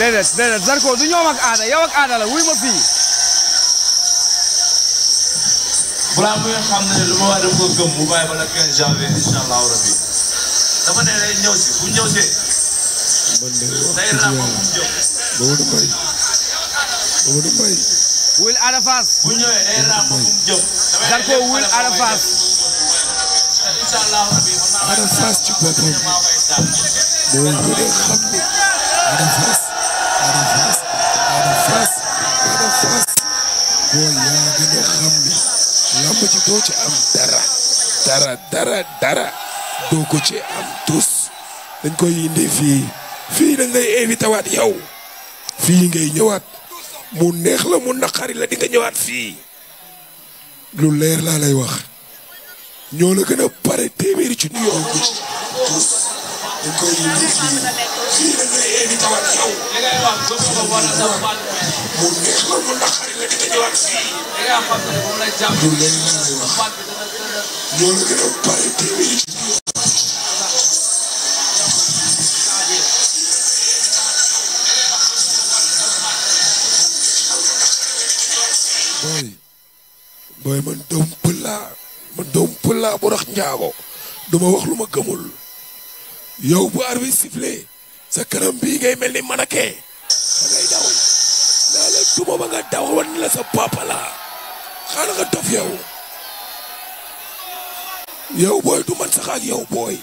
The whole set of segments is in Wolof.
déedéet déedéet Zarko du ñoom ak aada yow ak aada la wuy ma fii. balaa muy xam ne lu ma wax dama ko gëm mu bàyyi ba la 15 janvier incha allahu rabi dama ne day ñëw si bu ñëw see. day ràmm bu mu jóg. Mamadou Mbaye Mamadou Mbaye. Will Ada Fass. bu ñëwee day ràmm bu mu jóg. Zarko Will Ada Fass. incha allahu rabi. Ada Fass ci boppam. boo ko dee xam ne Ada Fass. boo yaa gën a xam ni làmb ci doo ci am dara dara dara doo ko ci am tus dañ koy indi fii fii dañ lay invité waat yow fii ngay ñëwaat mu neex la mu naqari la di nga ñëwaat fii lu leer laa lay wax ñoo la gën a pare téeméeri ci nu yow tus dañ koy mu neex la mu naqari la dina bu rax njaago duma wax lu ma gëmul yow bu arbitre sifflé sa kanam bii ngay mel ni manakee naa la duma ba nga daw wan la sa papa la xaar nga dof yow yow booy du man sax ak yow booy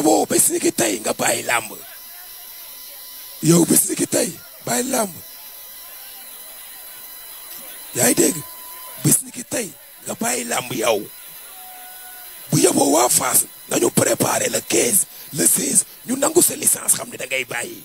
woo bés ni ki nga bàyyi làmb yow bés ni ki tey bàyyi ngi dégg bés ni ki làmb yow bu yeboo waa Fass nañu préparé le 15 le 16 ñu nangu sa xam ne da ngay bàyyi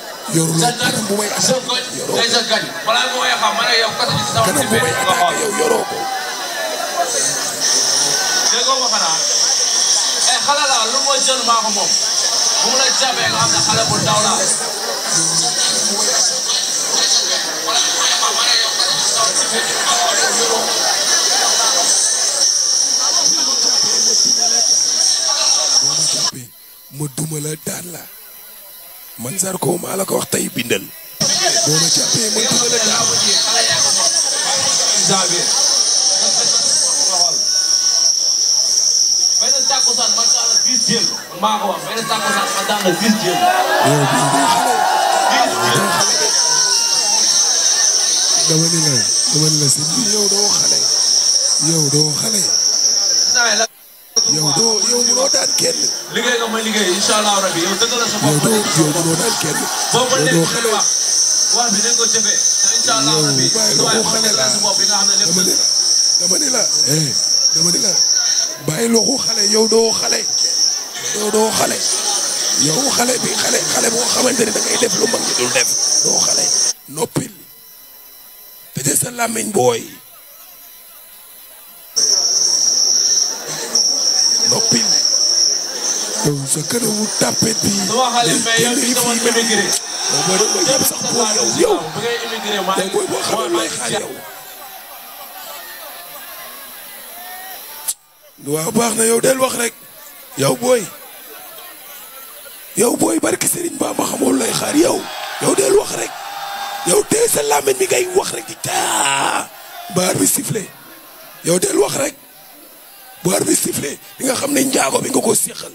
yoruloo kanam bu may attaqué yoroo ko kanam bu may attaqué yow yoroo ko. déggoo ma xanaa eh xale la lu ma jël maa ko moom bu mu la jàppee nga xam ne xale bu ndaw la. ma duma la daan la. man Zarko maa la ko wax tey bindal. boo ma jàppee ma dugal ak daal. si yow doo xale. yow doo yow doo yow mënoo daan kenn. liggéey nga may liggéey incha allah rabi yow dëgg la sa bopp. yow doo yow mënoo daan kenn. boo ko dee xale wax wax bi nañ ko jëfee. incha allah rabi yow bàyyi loxo xale la dama ni la eh, dama ni la dama ni la bàyyi loxo xale yow doo xale. yow doo xale. yow xale bi xale xale boo xamante ni da ngay def lu mag ñi dul def. doo xale. noppil. te sa làmmiñ booy. noppil yow sa kërawu tapet bi. sama xale mbay yow si dama immigré. yow boo demee yow sax boo yow yow. yow booy boo xamee baax na yow del wax rek. yow booy. yow booy barki Serigne ma xamoon lay xaar yow. yow del wax rek. yow tey sa làmmiñ mi ngay wax rek di taa. baar bi sifflé. yow del wax rek. bu arbitre bi sifflé li nga xam ne njaago bi nga ko séqal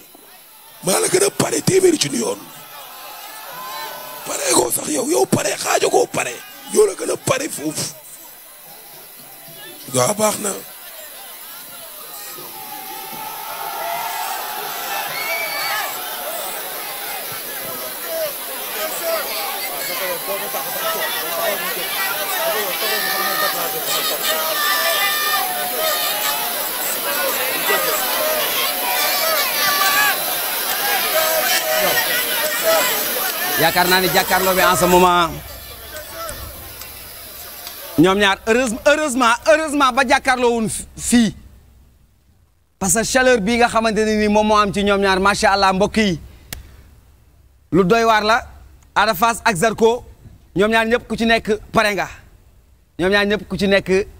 maa la gën a pare téeméeri junni yoon pare koo sax yow yow pare xaajo koo pare yow la gën a pare foofu waaw baax na yaakaar naa ni jàkkaarloo bi en ce moment ñoom ñaar heureusement heureusement ba jàkkaarloo wuñ fii parce que chaleur bii nga xamante ne nii moom moo am ci ñoom ñaar macha allah mbokk yi lu doy waar la Ada Fass ak Zarko ñoom ñaar ñëpp ku ci nekk pare nga ñoom ñaar ñëpp ku ci nekk